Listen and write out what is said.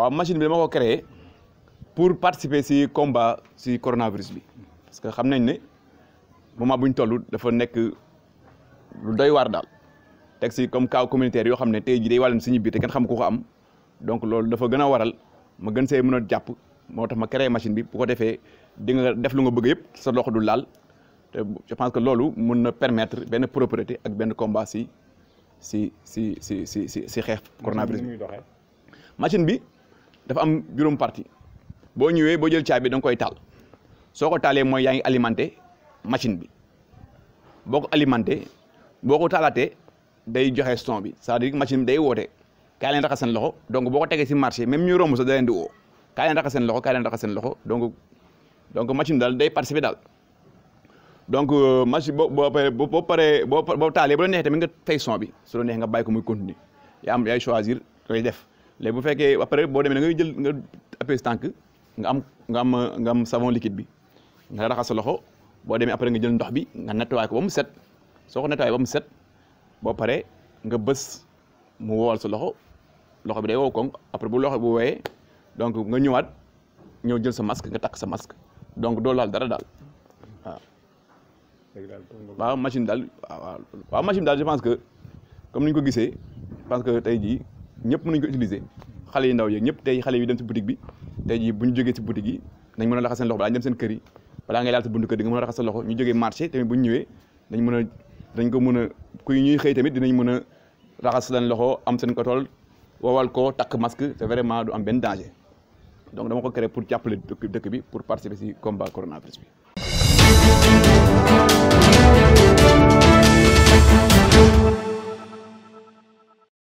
waaw machine bi dama ko créé pour participer si combat si coronavirus bi parce que xam nañ ne moment bu ñu toll dafa nekk lu doy war daal teg si comme cas communautaire yoo xam ne tey jii day wàllum suñu biir te kenn xam ko ko am donc loolu dafa gën a waral ma gën see mën a jàpp moo tax ma créé machine bi bu ko defee di nga def lu nga bëgg yëpp sa loxo du laal te je pense que loolu mën na permettre benn propriété ak benn combat si si si si si si si xeex coronavirus bi machine bi dafa am juróom parti boo ñëwee boo jël caabi da nga koy taal soo ko taalee mooy yaa ngi alimenté machine bi boo ko alimenté boo ko taalaatee day joxe son bi c'est-à-dire machine woote kaa leen raxas seen loxo donc boo ko tegee si marché même ñu romb da leen di woo seen loxo kaa leen raxas donc donc machine daal day participer daal donc euh, machine boo boo paree boo paree boo taalee bu la neexee tamit nga fay son bi su la neexee nga bàyyi ko muy continuer am yaay choisir looy def. léegi bu fekkee après boo demee da ngay jël nga appuyer tànk nga am nga nga am savon liquide bi nga raxas sa loxo boo demee après nga jël ndox bi nga nettoyé ko ba mu set soo ko nettoyé ba mu set boo pare nga bës mu wowal sa loxo loxo bi day wow koŋ après bu loxo bu wowee donc nga ñëwaat ñëw jël sa masque nga takk sa masque donc doo laal dara daal waaw. waaw machine daal waaw machine daal je pense que comme ni ñu ko gisee je que tey jii. ñëpp mën nañu ko utiliser xale yu ndaw yeeg ñëpp tey xale yi dem si boutique bi tey jii bu ñu jógee si boutique yi nañ mën a raxas seen loxo ñu dem sa buntu kër di a raxas sa loxo ñu jógee marché tamit bu ñu a dañ ko mën a kuy ñuy xëy tamit dinañ mën a raxas seen loxo am seen ko kotool wowal ko takk masque c'est vraiment du am benn danger donc dama ko créé pour jàppale dëkk bi pour participer si combat coronavirus